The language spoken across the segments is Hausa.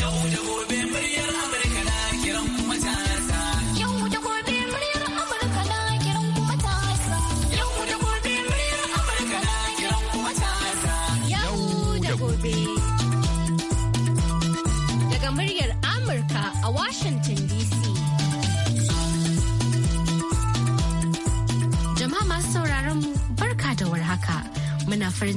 Yau da gobe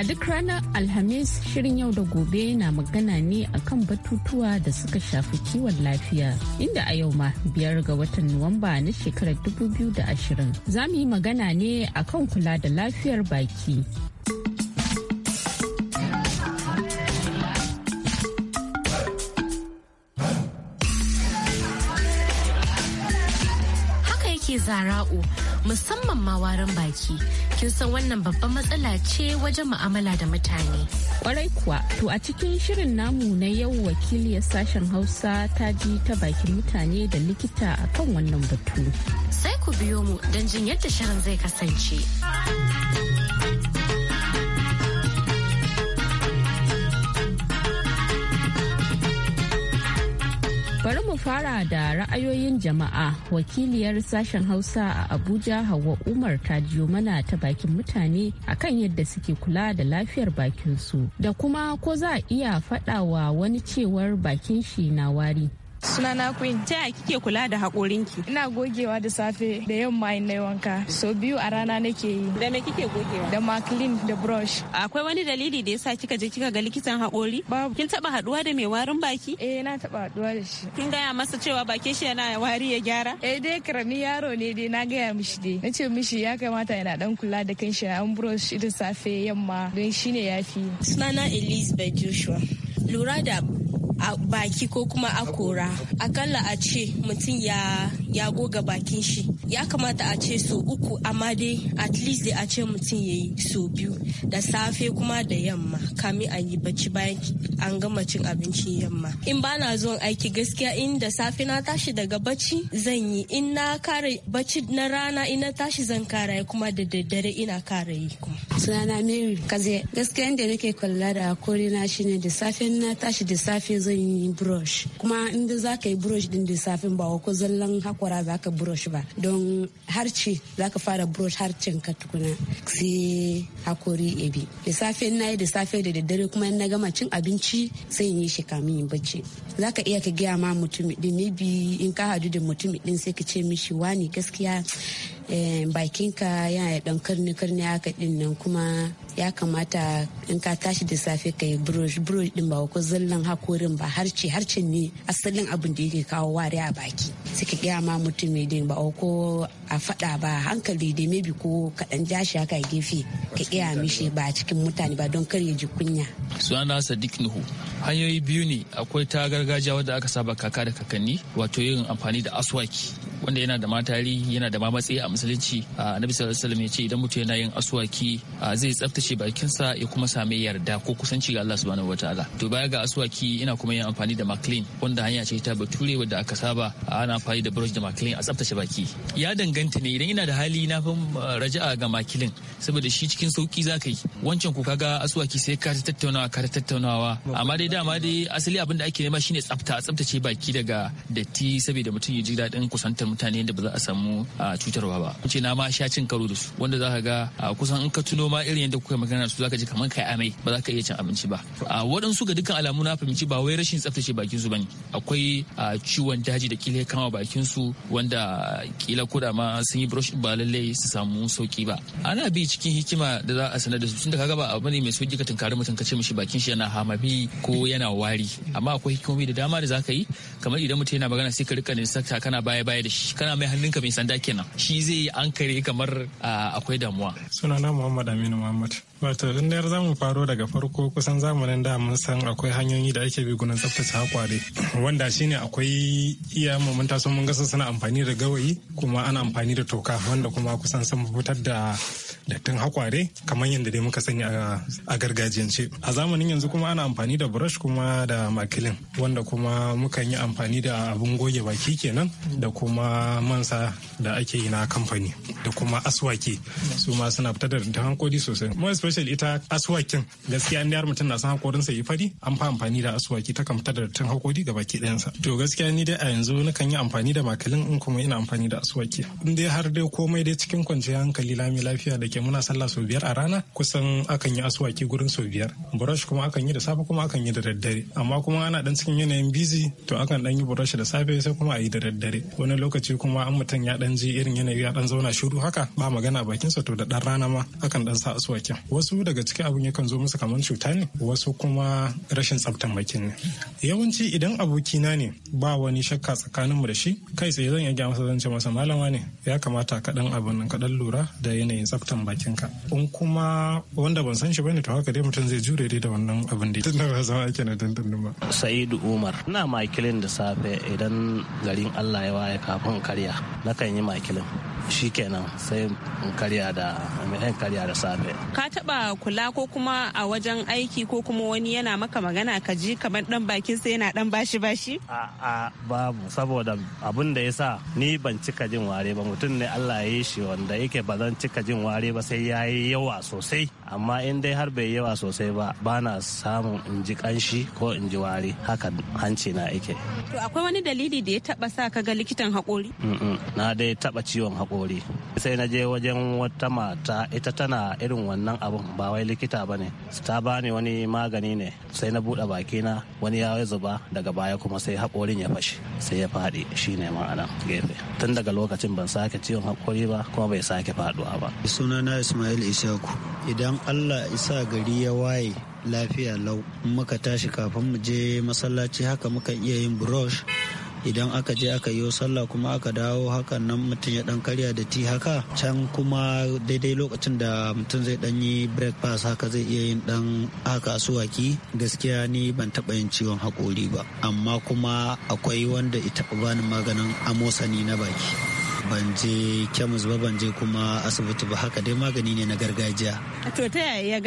A duk ranar Alhamis shirin yau da gobe na magana ne akan batutuwa da suka shafi kiwon lafiya inda a yau ma biyar ga watan Nuwamba na shekarar 2020 za mu yi magana ne akan kula da lafiyar baki. Haka yake zara'u. musamman ma warin baki kin san wannan babban matsala ce wajen mu'amala da mutane kwarai kuwa to a cikin shirin namu na yau wakiliyar sashen hausa ta ji ta bakin mutane da likita akan wannan batu sai ku biyo mu don jin yadda shirin zai kasance. mu fara da ra'ayoyin jama'a wakiliyar sashen Hausa a Abuja hawa Umar ta jiyo mana ta bakin mutane akan yadda suke kula da lafiyar bakinsu da kuma ko za a iya faɗawa wani cewar bakin shi na wari Sunana Queen. Ta yaya kike kula da haƙorinki? Ina gogewa da safe da yamma in na wanka. So biyu a rana nake yi. Da me kike gogewa? Da maklin da brush. Akwai wani dalili da yasa kika je kika ga likitan haƙori? Babu. Kin taba haduwa da mai warin baki? Eh na taba haduwa da shi. Kin gaya masa cewa bakin shi yana wari ya gyara? Eh dai karami yaro ne dai na gaya mishi dai. nace mishi ya kamata yana dan kula da kanshi an brush da safe yamma don shine yafi. Sunana Elizabeth Joshua. Lura da a baki ko kuma akora akalla a ce mutum ya goga bakin shi ya kamata a ce so uku amma dai at least dai a ce mutum ya yi so biyu da safe kuma da yamma kamin a yi bacci bayan an gama cin abincin yamma in ba na zuwan aiki gaskiya in da safe na tashi daga bacci zan yi in na kare bacci na rana ina tashi zan kara yi kuma da daddare ina kara yi kuma sunana mary kaze gaskiya inda nake kwalla da kore na shine da safe na tashi da safe zan yi brush kuma inda za ka yi brush din da safe ba ko zallan hakora za ka brush ba don kaman za ka fara brush harcin ka tukuna sai hakori ebi da safe na yi da safe da daddare kuma na gama cin abinci sai in yi shi kamin yin bacci ka iya ka gaya ma mutum din ne bi in ka hadu da mutum din sai ka ce mishi wani gaskiya Eh, bakinka yana da ɗan karni-karni haka ɗin nan kuma ya kamata in ka tashi da safe ka yi brush brush din ba ko zallan hakorin ba harce harcen ne asalin abin da yake kawo wari a baki sai ka gaya ma mutum mai din ba ko a fada ba hankali dai maybe ko kaɗan jashi haka a gefe ka gaya mishi ba cikin mutane ba don kar ya ji kunya. sunana sadiq nuhu hanyoyi biyu ne akwai ta gargajiya wadda aka saba kaka da kakanni wato yin amfani da aswaki wanda yana da matari yana da mamatsi a musulunci na sallallahu da ya ce idan mutum yana yin aswaki zai tsaftace bakinsa ya kuma sami yarda ko kusanci ga Allah subhanahu wataala to baya ga aswaki ina kuma yin amfani da maclean wanda hanya ce ta bature wadda aka saba ana amfani da brush da maclean a tsaftace baki ya danganta ne idan ina da hali na fi raja'a ga maclean saboda shi cikin sauki za ka yi wancan ku kaga aswaki sai ka ta tattaunawa ka ta tattaunawa amma dai dama dai asali abin da ake nema shine tsafta a tsaftace baki daga datti saboda mutum ya ji daɗin kusantar mutane da ba za a samu cutarwa ba ce na ma sha cin karo da su wanda za ka ga kusan in ka tuno ma irin yadda kuka magana su za ka ji kamar kai amai ba za ka iya cin abinci ba a waɗansu ga dukkan alamu na fahimci ba wai rashin tsaftace bakin su bane akwai ciwon daji da kila kama bakin su wanda ƙila ko ma sun yi brush ba lallai su samu sauki ba ana bi cikin hikima da za a sanar da su tunda ka ba a ne mai sauki ka tunkari mutum ka ce mishi bakin shi yana hamabi ko yana wari amma akwai hikimomi da dama da za ka yi kamar idan mutum yana magana sai ka rika ne sakta kana baya baya da shi kana mai hannunka mai sanda kenan shi zai yi an kare kamar ah, akwai damuwa sunana muhammad aminu muhammad wato in da za mu faro daga farko kusan zamanin da mun san akwai hanyoyi da ake bi gunan tsaftace hakware wanda shine akwai iya mun taso mun gasa suna amfani da gawayi kuma ana amfani da toka wanda kuma kusan sun fitar da dattin hakware kamar yadda dai muka sani a gargajiyance a zamanin yanzu kuma ana amfani da brush kuma da makilin wanda kuma mukan yi amfani da abun goge baki kenan da kuma mansa da ake yi na kamfani da kuma aswaki su ma suna fitar da tun hankori sosai more special ita aswakin gaskiya an mutum na san hakorinsa yi fari an fa amfani da aswaki ta kamfitar da tun hakori ga baki ɗayansa to gaskiya ni dai a yanzu nakan yi amfani da makilin in kuma ina amfani da aswaki in dai har dai komai dai cikin kwanciyar hankali lami lafiya da ke ce muna sallah sau biyar a rana kusan akan yi asuwaki gurin sau biyar brush kuma akan yi da safe kuma akan yi da daddare amma kuma ana dan cikin yanayin busy to akan dan yi brush da safe sai kuma a da daddare wani lokaci kuma an mutum ya dan ji irin yanayi ya dan zauna shiru haka ba magana bakin sa to da dan rana ma akan dan sa asuwakin wasu daga cikin abun yakan zo musu kamar cuta ne wasu kuma rashin tsaftan bakin ne yawanci idan abokina ne ba wani shakka tsakaninmu da shi kai tsaye zan iya masa zan ce masa malama ne ya kamata kaɗan abin kaɗan lura da yanayin tsaftan kan bakinka in kuma wanda ban san shi bane to haka dai mutum zai jure dai da wannan abin da tunda ba zama ake na dindindin ba sa'idu umar ina makilin da safe idan garin allah ya waye kafin karya kan yi makilin shi kenan sai karya da mai karya da safe ka taba kula ko kuma a wajen aiki ko kuma wani yana maka magana ka ji kamar dan bakin sai yana dan bashi bashi a babu saboda abun da yasa ni ban cika jin ware ba mutum ne Allah ya yi shi wanda yake ba zan cika jin ware ba sai yayi yawa sosai amma in dai har bai yawa sosai ba ba na samun in ji kanshi ko in ji wari haka hanci na ike. to akwai wani dalili da ya taba sa ka ga likitan hakori? na dai taba ciwon hakori. sai na je wajen wata mata ita tana irin wannan abun ba wai likita ba ne. ta bani wani magani ne sai na buɗe na wani ya zuba daga baya kuma sai haƙorin ya fashe sai ya faɗi shine ma'ana gefe tun daga lokacin ban sake ciwon hakori ba kuma bai sake faɗuwa ba sunana ismail Isaku idan allah isa gari ya waye lafiya lau muka tashi kafin mu je masallaci haka muka iya yin brush idan aka je aka yi sallah kuma aka dawo hakan nan mutum ya dan karya da ti haka can kuma daidai lokacin da mutum zai dan yi breakfast haka zai iya yin dan haka suwaki gaskiya ni ban taba yin ciwon hakori ba amma kuma akwai wanda ita bani maganin amosani na baki ban je kemis ba ban je kuma asibiti ba haka dai magani ne na gargajiya to ta ya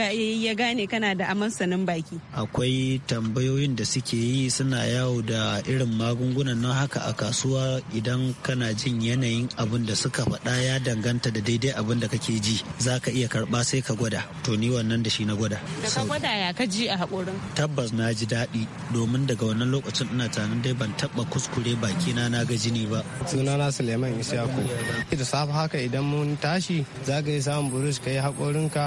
gane kana da aman sanin baki akwai tambayoyin da suke yi suna yawo da irin magungunan nan haka a kasuwa idan kana jin yanayin abin da suka faɗa ya danganta da daidai abin da kake ji za ka iya karɓa sai ka gwada to ni wannan da shi na gwada da ka gwada ya ka ji a haƙorin tabbas na ji daɗi domin daga wannan lokacin ina tunanin dai ban taɓa kuskure bakina na ga jini ba sunana suleiman isa ku eh, da safe haka idan mun tashi za ka yi samun burus ka yi ka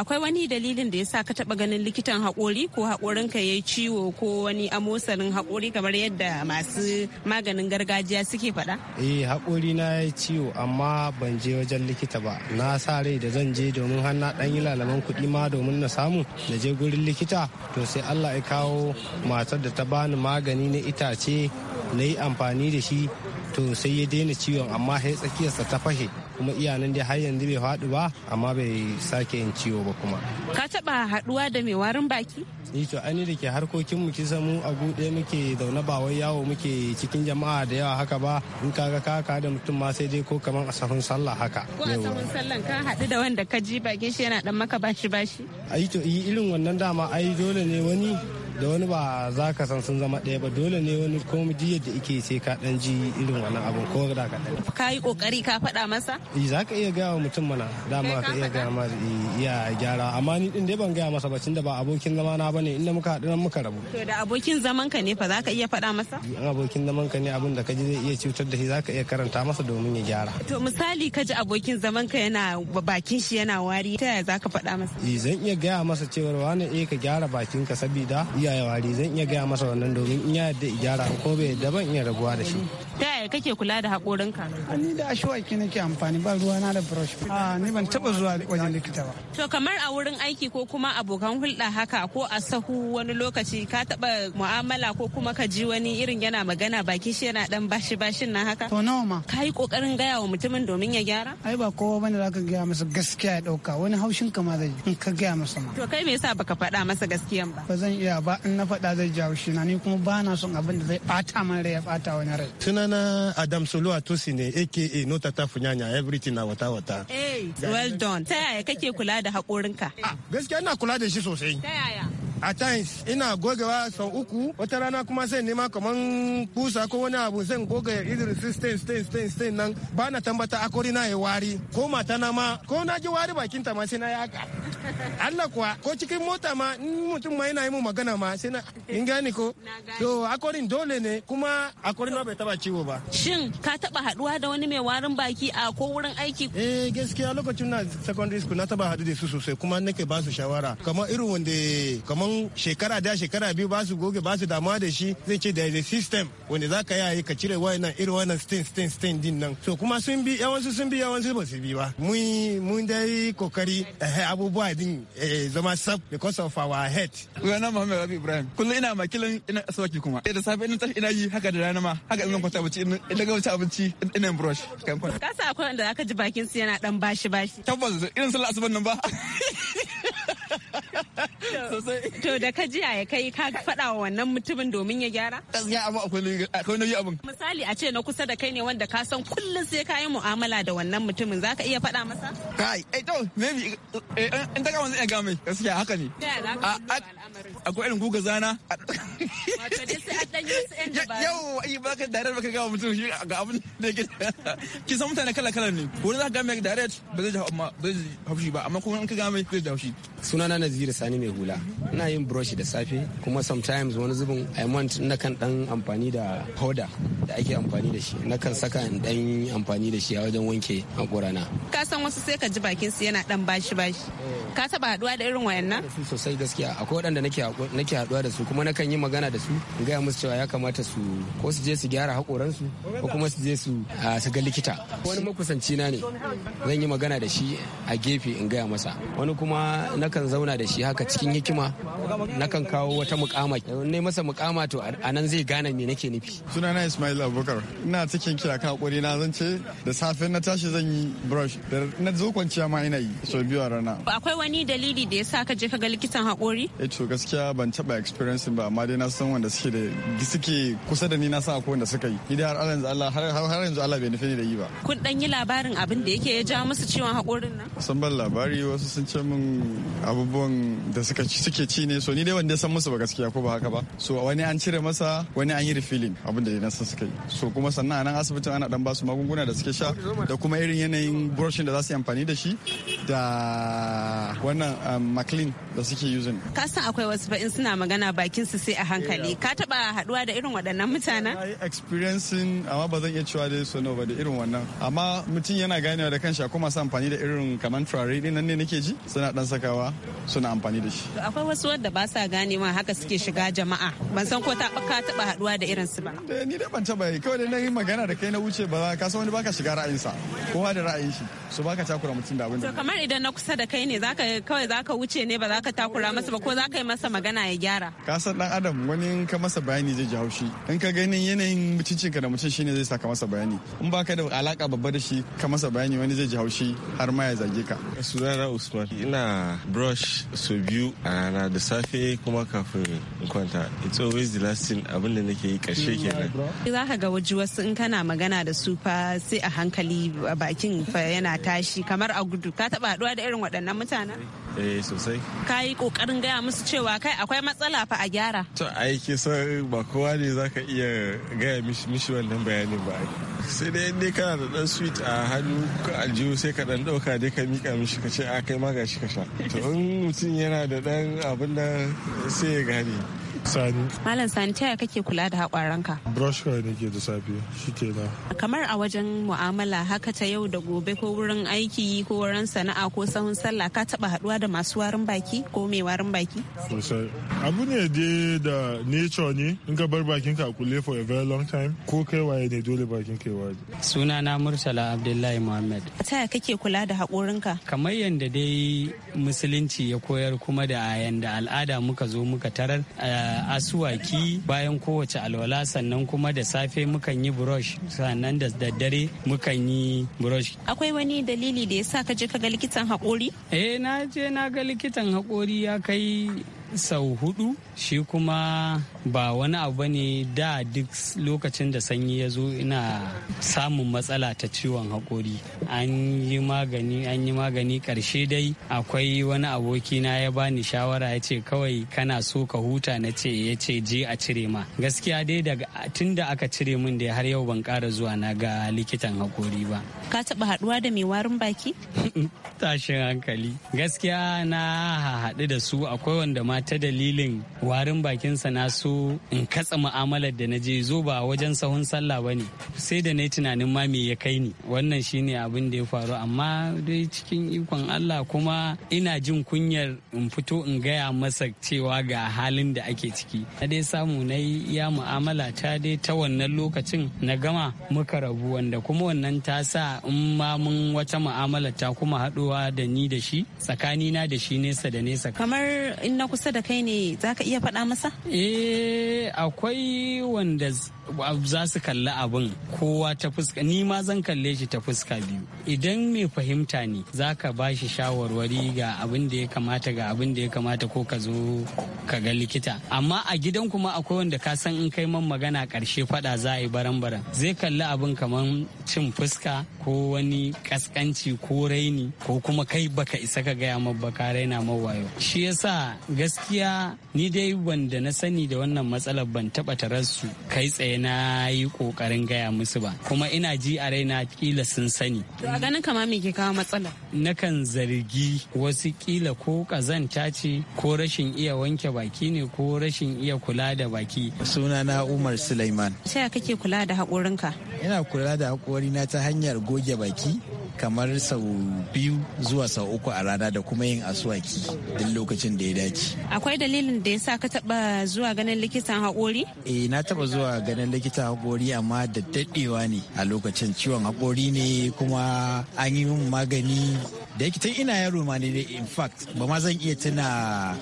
akwai wani dalilin da ya sa ka taɓa ganin likitan haƙori ko ka ya ciwo ko wani amosanin haƙori kamar yadda masu maganin gargajiya suke faɗa eh haƙori na ya ciwo amma ban je wajen likita ba na sa rai da zan je domin har na ɗan yi lalaman kuɗi ma domin na samu na je gurin likita to sai Allah ya kawo matar da ta bani magani na itace na yi amfani da shi to sai ya daina ciwon amma amma sai tsakiyarsa ta fahe kuma iyanan dai har yanzu bai faɗi ba amma bai sake yin ciwo ba kuma ka taba haɗuwa da mai warin baki eh ni to ani da ke harkokin mu kisa mu a buɗe muke zaune ba wai yawo muke cikin jama'a da yawa haka ba in kaga ka ka da mutum ma sai dai ko kaman a sahun sallah haka ko a sahun sallah ka haɗu da wanda ka ji bakin shi yana dan maka bashi bashi ai to irin wannan dama ai dole ne wani da wani ba za ka san sun zama ɗaya ba dole ne wani ko ji yadda ike sai ka ɗan ji irin wannan abin ko da ka ɗan. Ka yi ƙoƙari ka faɗa masa? Eh, za ka iya gaya wa mutum mana dama ka iya gaya masa iya gyara amma ni ɗin dai ban gaya masa ba da ba abokin zama na bane inda muka haɗu nan muka rabu. To da abokin zaman ka ne fa za ka iya faɗa masa? In abokin zaman ka ne abin da ka ji zai iya cutar da shi za ka iya karanta masa domin ya gyara. To misali ka ji abokin zaman ka yana bakin shi yana wari ta yaya za ka faɗa masa? Eh, zan iya gaya masa cewa wani eh ka gyara bakin ka sabida ya wari zan iya gaya masa wannan domin in ya yadda gyara ko bai daban ban iya rabuwa da shi ta yaya kake kula da haƙorinka ni da ashwaki nake amfani ba ruwa na da brush a ah, ni ban taba zuwa wajen likita ba to kamar a wurin aiki ko kuma abokan hulɗa haka ko a sahu wani lokaci ka taba mu'amala ko kuma ka ji wani irin yana magana baki shi yana dan bashi bashin na haka to nawa ma kai kokarin gaya wa mutumin domin ya gyara ai ba kowa bane zaka gaya masa gaskiya ya dauka wani haushin ka ma zai ka gaya masa ma to kai me yasa baka faɗa masa gaskiyan ba ba zan iya ba in na faɗa zai jawo shi na ni kuma ba na son abin da zai bata min rai ya bata wani rai sunana Adam Solo Atosi ne aka nota tata funyanya everything na wata wata. Eh well done. Ta yaya kake kula da haƙorinka? Ah, gaskiya ina kula da shi sosai. Ta yaya? a times ina gogewa sau uku wata rana kuma sai nema kaman kusa ko wani abu zan goge irin su stain stain stain stain nan ba na tambata akori na ya wari ko mata na ma ko na ji wari bakin ta ma sai na ya ka Allah kuwa ko cikin mota ma in mutum ma yana yi mu magana ma sai na in gani ko to akorin dole ne kuma akorin ba bai taba ciwo ba shin ka taba haduwa da wani mai warin baki a ko wurin aiki eh gaskiya lokacin na secondary school na taba hadu da su sosai kuma nake ba su shawara kamar irin wanda kamar don shekara da shekara biyu ba su goge ba su damuwa da shi zai ce da system wanda za ka yayi ka cire wayannan irin wannan stain stain stain din nan so kuma sun bi yawansu sun bi yawansu ba su bi ba mun mun dai kokari eh, abubuwa din eh, zama sab because of our head wannan mahammed Rabi Ibrahim kullum ina makilin ina aswaki kuma eh, da safe ina tashi ina yi haka da rana ma haka ina kwanta abinci ina ga abinci ina brush kan kwana ka sa akwai wanda zaka ji bakin su yana dan bashi bashi tabbas irin sallah asuban nan ba To da ka jiya ya kai ka faɗa wa wannan mutumin domin ya gyara? Ya abu akwai nauyi abin. Misali a ce na kusa da kai ne wanda ka san kullum sai ka yi mu'amala da wannan mutumin za ka iya faɗa masa? Kai, eh to, maybe, eh, eh, in ta kama zai iya gami, gaskiya haka ne. Akwai irin guga zana. Wato sai a yi yan dabaru. Yau, iya ba ka dare ba ka gama mutum shi ga abin da ya Ki san mutane kala-kala ne. Wani za ka gami direct ba zai ji haushi ba, amma kuma in ka gami zai ji haushi. Sunana zira sani mai hula ina yin brush da safe kuma sometimes wani zubin i want na kan dan amfani da powder da ake amfani da shi na kan saka in dan amfani da shi a wajen wanke hakorana ka san wasu sai ka ji bakin su yana dan bashi bashi ka taba haduwa da irin wayannan sosai gaskiya akwai wadanda nake haduwa da su kuma na kan yi magana da su in gaya musu cewa ya kamata su ko su je su gyara hakoran su ko kuma su je su su ga likita wani makusanci na ne zan yi magana da shi a gefe in gaya masa wani kuma kan zauna magana da shi haka cikin hikima nakan kawo wata mukama ne masa mukama to a nan zai gane me nake nufi sunana ismail abubakar ina cikin kira kan hakuri na zan ce da safe na tashi zan yi brush da na zo kwanciya ma ina yi so biyu a rana akwai wani dalili da yasa ka je ka ga likitan hakori eh to gaskiya ban taba experience ba amma dai na san wanda suke da suke kusa da ni na san akwai wanda suka yi ni dai har yanzu Allah har yanzu Allah bai nufi ni da yi ba kun dan yi labarin abin da yake ya ja musu ciwon hakorin nan san ban labari wasu sun ce min abubuwa yawan da suka suke ci ne so ni dai wanda san musu ba gaskiya ko ba haka ba so wani an cire masa wani an yi refilling abin da na san suka yi so kuma sannan a nan asibitin ana dan basu magunguna da suke sha da kuma irin yanayin brushing da za su yi amfani da shi da wannan um, maclean da suke using ka san akwai wasu ba in suna magana bakin su sai a hankali ka taba haduwa da irin waɗannan mutanen experiencing amma ba zan iya cewa dai so no ba da irin wannan amma mutum yana ganewa da kanshi kuma sa amfani da irin kamar turare din nan ne nake ji suna dan sakawa suna amfani da shi. Akwai wasu wanda ba sa gane ma haka suke shiga jama'a. Ban san ko ta ka taba haduwa da irin su ba. Eh, ni dai ban taba yi kawai da na yi magana da kai na wuce ba ka san wani baka shiga ra'ayinsa kowa da ra'ayin shi Su baka takura mutum da abin da. kamar idan na kusa da kai ne zaka kawai zaka wuce ne ba zaka takura masa ba ko zaka yi masa magana ya gyara. Ka san dan adam wani in ka masa bayani zai ji haushi in ka ganin yanayin mutuncinka da mutum shine zai saka masa bayani in baka da alaka babba da shi ka masa bayani wani zai ji haushi har ma ya zage ka. Sunana Usman ina brush so biyu a rana da safe kuma kafin in kwanta it's always the last thing abin da nake yi kashe mm, kenan za ka ga waje wasu in kana magana da su fa sai a hankali bakin fa yana tashi kamar a gudu ka taba haduwa da irin waɗannan mutanen eh sosai ka yi kokarin gaya musu cewa kai akwai matsala fa a gyara to aiki ke ba kowa ne zaka iya gaya mishi wannan bayanin ba sai dai in kana da dan sweet a hannu aljihu sai ka dan dauka dai ka mika mishi ka ce a ah, kai ma ga shi ka sha to in mutum yana da dan abin da sai ya gane Sani. Malam Sani ta kake kula da haƙwaranka? Brush kawai nake da safe shi kenan. Kamar a wajen mu'amala haka ta yau da gobe ko wurin aiki ko wurin sana'a ko sahun sallah ka taɓa haɗuwa da masu warin baki ko mai warin baki? Sosai. Abu ne dai da nature ne in ka bar bakin ka a kulle for a very long time ko kai waye ne dole bakin kai waye. Suna na Murtala Abdullahi Muhammad. Ta kake kula da haƙorinka? Kamar yadda dai musulunci ya koyar kuma da yanda al'ada muka zo muka tarar eh, da asuwaki bayan kowace alwala sannan kuma da safe mukan yi brush sannan da daddare mukan yi brush akwai wani dalili da yasa ka je ka ga likitan hakori. eh na je na ga likitan hakori ya kai sau hudu shi kuma ba wani abu ba ne da duk lokacin da sanyi ya zo ina samun matsala ta ciwon haƙori an yi magani an yi magani ƙarshe dai akwai wani aboki na ya bani shawara ya ce kawai kana so ka huta na ce ya ce je a cire ma gaskiya dai daga tun da aka cire min da har yau ban kara zuwa na ga likitan haƙori ba ka taɓa haɗuwa da mai warin baki tashin hankali gaskiya na haɗu da su akwai wanda ma ta dalilin warin bakinsa na so in katsa mu'amalar da na je zo ba wajen sahun sallah ba ne sai da na tunanin ma me ya kai ni wannan shine abin da ya faru amma dai cikin ikon Allah kuma ina jin kunyar in fito in gaya masa cewa ga halin da ake ciki na dai samu na yi iya mu'amala ta dai ta wannan lokacin na gama muka rabu wanda kuma wannan ta sa in ma mun wata mu'amala ta kuma haɗuwa da ni da shi tsakanina da shi nesa da nesa kamar in na kusa da kai ne za ka iya faɗa masa eh Eh akwai wanda za su kalli abin kowa ta fuska ni ma zan kalle shi ta fuska biyu idan mai fahimta ne za ka ba shi shawarwari ga abin da ya kamata ga abin da ya kamata ko ka zo ka ga likita amma a gidan kuma akwai wanda ka san in kai man magana karshe fada za a yi baran-baran zai kalli abin kamar cin fuska ko wani kaskanci ko raini ko kuma kai baka isa ka gaya ma baka raina wayo shi yasa gaskiya ni dai wanda na sani da wannan matsalar ban taba tarar su kai tsaye kasance eh, na yi kokarin gaya musu ba kuma ina ji a raina kila sun sani a ganin kama me ke kawo matsala nakan zargi wasu kila ko kazanta ce ko rashin iya wanke baki ne ko rashin iya kula da baki na umar suleiman sai kake kula da haƙorinka ina kula da na ta hanyar goge baki kamar sau biyu zuwa sau uku a rana da kuma yin asuwaki duk lokacin da ya dace. Akwai dalilin da ya sa ka taba zuwa ganin likitan haƙori? Eh na taba zuwa ganin likitan haƙori amma da daɗewa ne a lokacin ciwon haƙori ne kuma an yi magani da yake tun ina yaro ma ne in fact ba ma zan iya tuna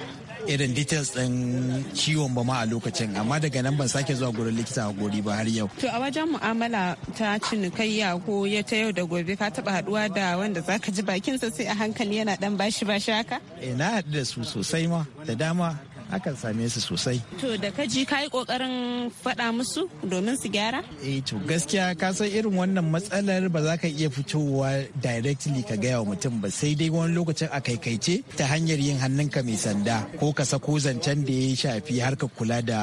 irin details ɗin ciwon ba ma a lokacin amma daga nan ban sake zuwa gurin likita a gori ba har yau. To a wajen mu'amala ta cinikayya ko ya ta yau da gobe ka taba haduwa da wanda zaka ji bakinsa sai a hankali yana dan bashi bashi haka? Eh na haɗu da su sosai ma da dama akan same su sosai to da ka kaji yi kokarin faɗa musu domin su gyara eh to gaskiya ka san irin wannan matsalar ba za ka iya fitowa directly ka gaya wa mutum ba sai dai wani lokacin a kaikaice ta hanyar yin hannunka mai sanda ko ka sako zancen da ya shafi harkar kula da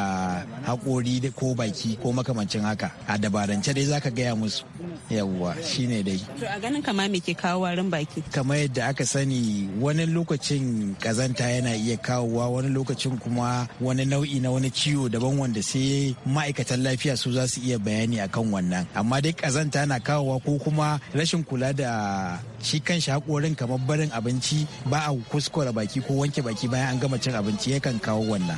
haƙori ko baki ko makamancin haka a dabarance dai za ka gaya musu yawwa shine dai to a ganin kama me ke kawo warin baki kamar yadda aka sani wani lokacin kazanta yana iya kawowa wani lokacin kuma wani nau'i na wani ciwo daban wanda sai ma'aikatan lafiya su za su iya bayani akan wannan amma dai kazanta na kawowa ko kuma rashin kula da shi kan shi hakorin kamar barin abinci ba a kuskura baki ko wanke baki bayan an gama cin abinci yakan kawo wannan.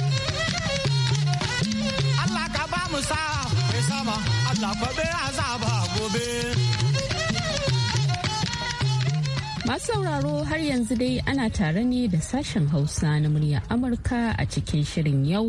mu mai sama Allah azaba gobe. Masu sauraro har yanzu dai ana tare ne da sashen Hausa na murya Amurka a cikin shirin yau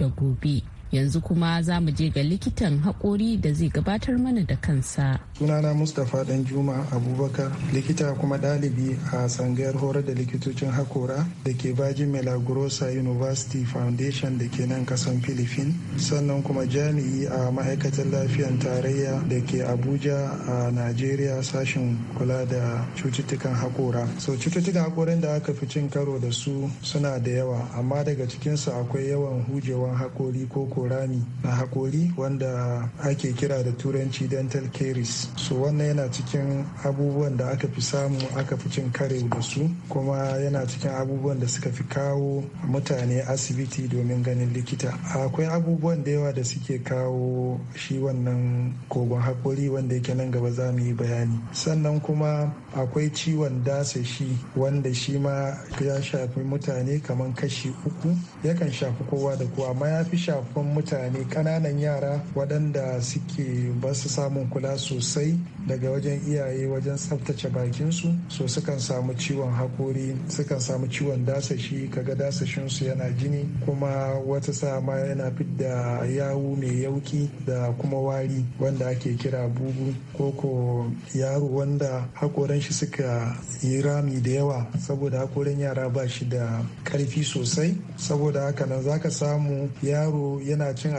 da gobe. yanzu kuma za mu je ga likitan haƙori da zai gabatar mana da kansa sunana mustapha dan juma abubakar likita kuma ɗalibi a sangayar horar da likitocin haƙora da ke bajin melagrosa university foundation da ke nan kasan filifin sannan kuma jami'i a ma'aikatar lafiyan tarayya da ke abuja a nigeria sashen kula da cututtukan haƙora so cututtukan haƙorin da aka fi cin karo da su suna da yawa amma daga cikinsu akwai yawan hujewan hakori ko ko rami na hakori wanda ake kira da turanci dental caries so wannan yana cikin abubuwan da aka fi samu aka fi cin kare da su kuma yana cikin abubuwan da suka fi kawo mutane asibiti domin ganin likita akwai abubuwan da yawa da suke kawo shi wannan kogon hakori wanda yake nan gaba za mu yi bayani sannan kuma akwai ciwon dasashi wanda shi ma ya shafi mutane kamar kashi uku yakan shafi kowa da kowa amma ya fi shafin mutane ƙananan yara waɗanda suke ba su samun kula sosai daga wajen iyaye wajen tsaftace bakinsu so sukan samu ciwon hakori sukan samu ciwon dasashi kaga dasashinsu yana jini kuma wata sama yana fidda yawu mai yauki da kuma wari wanda ake kira bugu koko yaro wanda hakoran shi suka yi rami da yawa saboda hakoran yara ba shi da karfi sosai saboda haka nan zaka samu yaro yana cin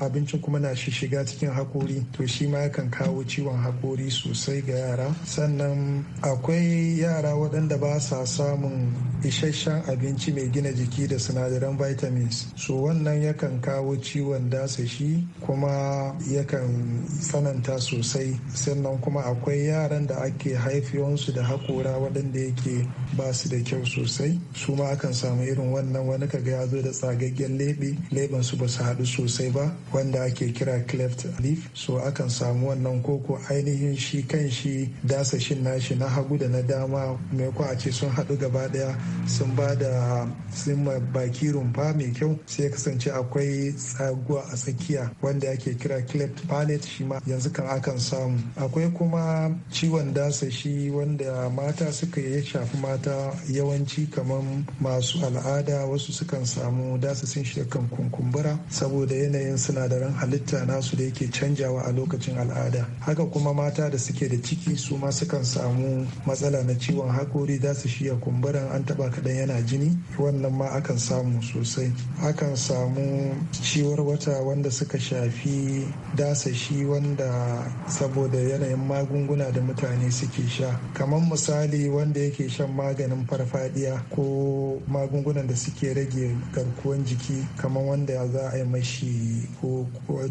abincin kuma na shi shiga cikin hakori to shi ma yakan kawo ciwon hakori kori sosai ga yara sannan akwai yara waɗanda ba sa samun isasshen abinci mai gina jiki da sinadaran vitamins so wannan yakan kawo ciwon dasashi kuma yakan tsananta sosai sannan kuma akwai yaran da ake haifiyonsu da haƙora waɗanda yake ba su da kyau sosai su ma akan samu irin wannan wani kaga ya zo da tsagaggen leɓe leɓen su ba su haɗu sosai ba wanda ake kira cleft leaf so akan samu wannan koko ainihin ainihin shi kan shi dasashin nashi na hagu da na dama mai kwa ce sun haɗu gaba ɗaya sun ba da sun baki rumfa mai kyau sai ya kasance akwai tsaguwa a tsakiya wanda ake kira cleft palate shi ma yanzu kan akan samu akwai kuma ciwon dasashi wanda mata suka ya shafi mata yawanci kamar masu al'ada wasu sukan samu dasasin shi kan kunkumbura saboda yanayin sinadaran halitta nasu da yake canjawa a lokacin al'ada haka kuma mata da suke da ciki su ma sukan samu matsala na ciwon hakori za su shiya kumburin an taba kaɗan yana jini wannan ma akan samu sosai akan samu ciwar wata wanda suka shafi dasashi wanda saboda yanayin magunguna da mutane suke sha kamar misali wanda yake shan maganin farfadiya ko magungunan da suke rage garkuwan jiki kamar wanda za a yi mashi ko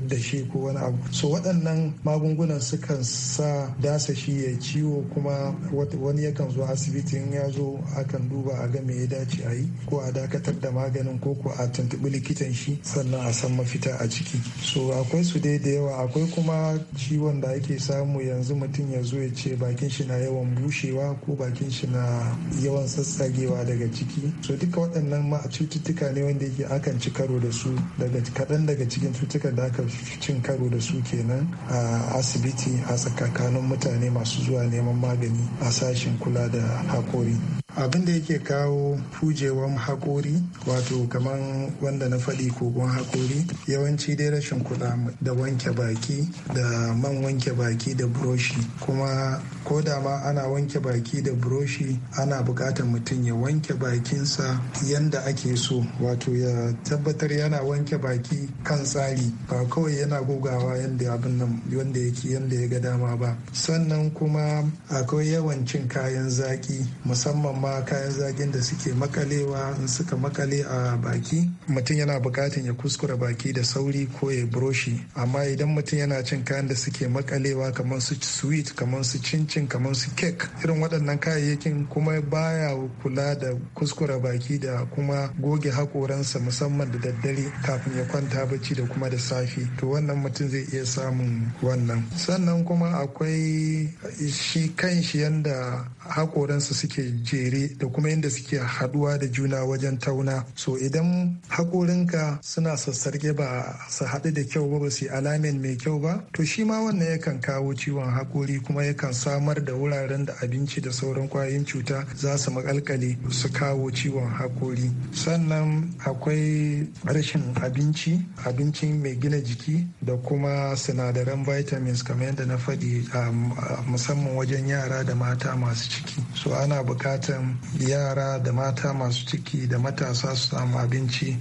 da shi ko wani abu so waɗannan magungunan sukan sa dasa shi ya ciwo kuma wani yakan zo asibiti in ya zo akan duba a ga ya dace a yi ko a dakatar da maganin ko ko a tuntuɓi likitan shi sannan a san mafita a ciki so akwai su dai da yawa akwai kuma ciwon da ake samu yanzu mutum ya zo ya ce bakin shi na yawan bushewa ko bakin shi na yawan sassagewa daga ciki so duka waɗannan ma cututtuka ne wanda yake akan ci karo da su daga kaɗan daga cikin cututtukan da aka cin karo da su kenan a asibiti a tsakanin mutane masu zuwa neman magani a sashen kula da haƙori abin da yake kawo fujewan hakori wato kamar wanda na faɗi kogon hakori yawanci dai rashin kula da wanke baki da man wanke baki da buroshi kuma ko da ma ana wanke baki da buroshi ana buƙatar mutum ya wanke bakinsa yanda ake so wato ya tabbatar yana wanke baki kan tsari ba kawai yana gogawa yanda abin nan wanda yake yanda ya ga dama ba sannan kuma akwai yawan cin kayan zaki musamman kuma kayan zagin da suke makalewa in suka makale a baki mutum yana bukatan ya kuskura baki da sauri ko ya broshi amma idan mutum yana cin kayan da suke makalewa kamar su sweet kamar su cincin kamar su cake irin waɗannan kayayyakin kuma baya kula da kuskura baki da kuma goge hakoransa musamman da daddare kafin ya kwanta bacci da kuma da safe to wannan mutum zai iya samun wannan sannan kuma akwai shi kan shi yanda haƙoransa suke jere jere da kuma yadda suke haduwa da juna wajen tauna so idan haƙorinka suna sassarge ba su haɗu da kyau ba su yi alamin mai kyau ba to shi ma wannan yakan kawo ciwon haƙori kuma yakan samar da wuraren da abinci da sauran kwayoyin cuta za su makalkale su kawo ciwon haƙori sannan akwai rashin abinci abinci mai gina jiki da kuma sinadaran vitamins kamar yadda na faɗi um, musamman wajen yara da mata masu ciki so ana buƙatan yara da mata masu ciki da matasa su samu abinci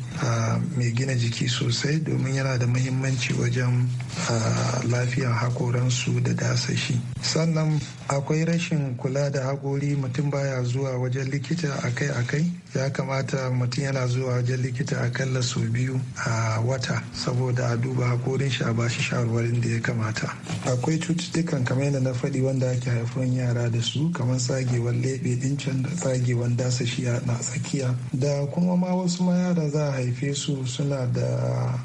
mai gina jiki sosai domin yana da muhimmanci wajen lafiyar hakoransu da dasashi sannan akwai rashin kula da hakori mutum baya zuwa wajen likita akai-akai ya kamata mutum yana zuwa wajen likita akalla sau biyu a wata saboda a duba hakorin shi a bashi shawarwarin da ya kamata akwai cututtukan kamar yadda na faɗi wanda ake haifar yara da su kamar tsagewar leɓe dincin da tsagewar dasashi na tsakiya da kuma ma wasu ma yara za a haife su suna da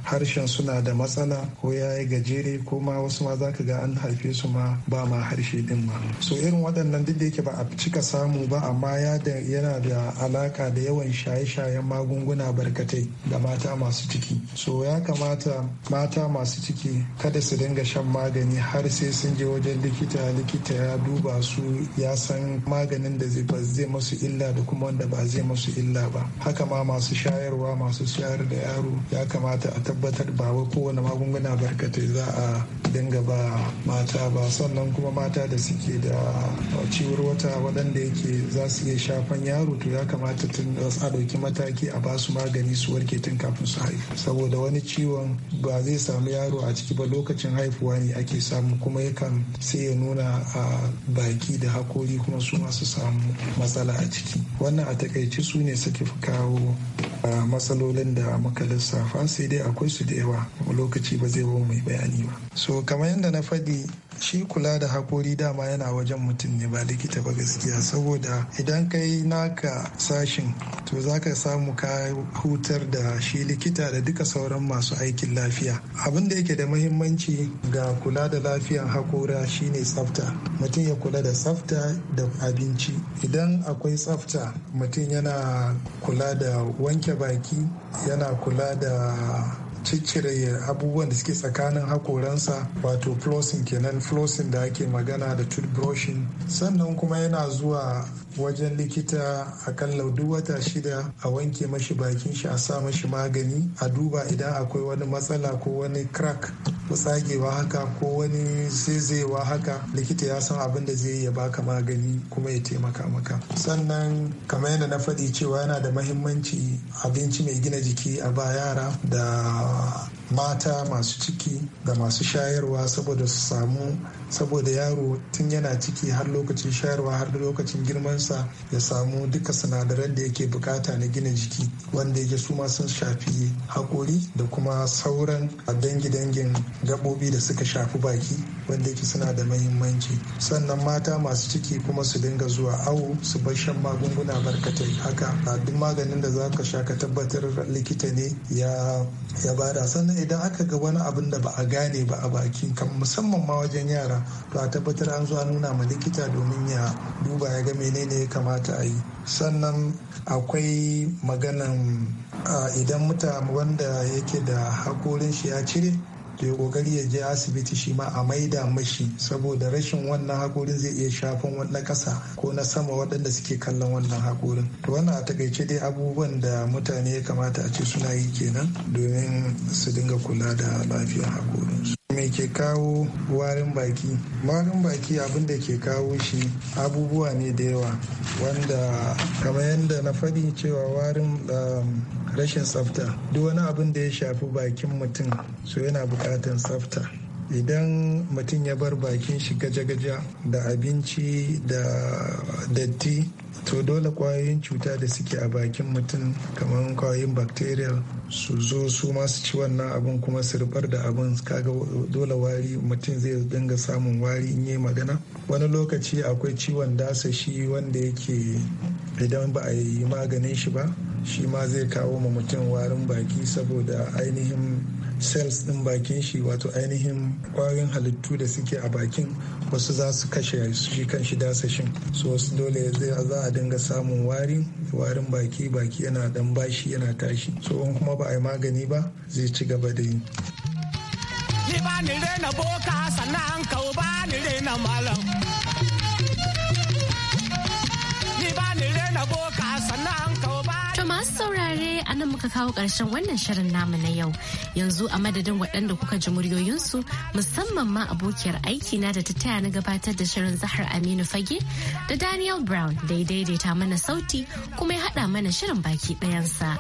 harshen suna da matsala ko ya yi gajere ko ma wasu ma za ka ga an haife su ma ba ma harshe din ma so irin waɗannan duk da yake ba a cika samu ba amma yana da alaƙa da da yawan shaye-shayen magunguna barkatai da mata masu ciki so ya kamata mata masu ciki kada su dinga shan magani har sai sun je wajen likita likita ya duba su ya san maganin da zai masu illa da kuma wanda ba zai masu illa ba haka ma masu shayarwa masu shayar da yaro ya kamata a tabbatar ba wai kowane magunguna barkatai za a dinga ba mata ba sannan kuma mata da suke da ciwar wata waɗanda yake za su iya shafan yaro to ya kamata tun lokacin da za ɗauki mataki a ba su magani su warke tun kafin su haifu saboda wani ciwon ba zai samu yaro a ciki ba lokacin haifuwa ne ake samu kuma yakan sai ya nuna a baki da hakori kuma su masu samu matsala a ciki wannan a takaici su ne suke fi kawo matsalolin da muka lissafa sai dai akwai su da yawa lokaci ba zai ba mai bayani ba so kamar yadda na faɗi shi kula da hakori dama yana wajen mutum ne ba likita ba gaskiya saboda idan kai naka sashin to za ka samu ka hutar da shi likita da duka sauran masu aikin lafiya abin da yake da mahimmanci ga kula da lafiyan hakora shine tsafta mutum ya kula da tsafta da abinci idan akwai tsafta mutum yana kula da wanke baki yana kula da ciccire abubuwan da suke tsakanin hakoransa wato flossing kenan flossing da ake magana da toothbrushing sannan kuma yana zuwa wajen likita akalla duk wata shida a wanke mashi bakin shi a sa mashi magani a duba idan akwai wani matsala ko wani crack fasagewa haka ko wani zaizayewa haka likita ya san abin da zai ya baka magani kuma ya taimaka maka sannan kamar yadda na faɗi cewa yana da mahimmanci abinci mai gina jiki a ba yara da mata masu ciki da masu shayarwa saboda su samu saboda yaro tun yana ciki har lokacin shayarwa har lokacin girmansa ya samu duka sinadaran da yake bukata na gina jiki wanda yake su sun shafi hakori da kuma sauran dangi-dangin gaɓoɓi da suka shafi baki wanda yake suna da mahimmanci sannan mata masu ciki kuma su dinga zuwa awo su bar shan magunguna barkatai haka a duk maganin da za ka sha ka tabbatar likita ne ya bada sannan idan aka ga wani abin da ba a gane ba a baki musamman ma wajen yara to a tabbatar an zo a nuna ma likita domin ya duba ya ga menene ya kamata a yi sannan akwai maganan idan mutane wanda yake da hakorin shi ya cire to ya kokari ya je asibiti shi ma a maida mashi saboda rashin wannan hakorin zai iya shafin na kasa ko na sama waɗanda suke kallon wannan hakorin to wannan a takaice dai abubuwan da mutane ya kamata a ce suna yi kenan domin su dinga kula da lafiyar su. Me ke kawo warin baki? Warin baki abin da ke kawo shi abubuwa ne da yawa wanda kamar yadda na faɗi cewa warin um, rashin tsafta duk wani abin da ya shafi bakin mutum so yana bukatar tsafta. idan mutum ya bar bakin shi gaja-gaja da abinci da datti to dole kwayoyin cuta da suke a bakin mutum kamar kwayoyin bacterial su zo su masu ci wannan abin kuma su rubar da abin kaga dole wari mutum zai dinga samun wari in yi magana wani lokaci akwai ciwon dasa shi wanda yake idan ba a yi maganin shi ba shi ma zai kawo ma mutum warin baki saboda ainihin cells din bakin shi wato ainihin kwayoyin halittu da suke a bakin wasu za su kashe shi kan shi dasashin so wasu dole za a dinga samun wari warin baki baki yana dan bashi yana tashi so in kuma ba a yi magani ba zai ci gaba da yi ni ba ni rena boka sannan ka ba ni rena malam ni ba ni rena boka masu saurare a nan muka kawo ƙarshen wannan shirin namu na yau yanzu a madadin waɗanda kuka ji muryoyinsu musamman ma abokiyar aiki na da ta taya na gabatar da shirin zahar aminu fage da daniel brown da ya daidaita mana sauti kuma ya haɗa mana shirin baki ɗayansa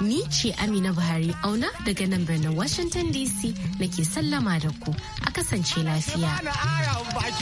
ni ce amina buhari auna daga nan birnin washington dc nake sallama da ku a kasance lafiya.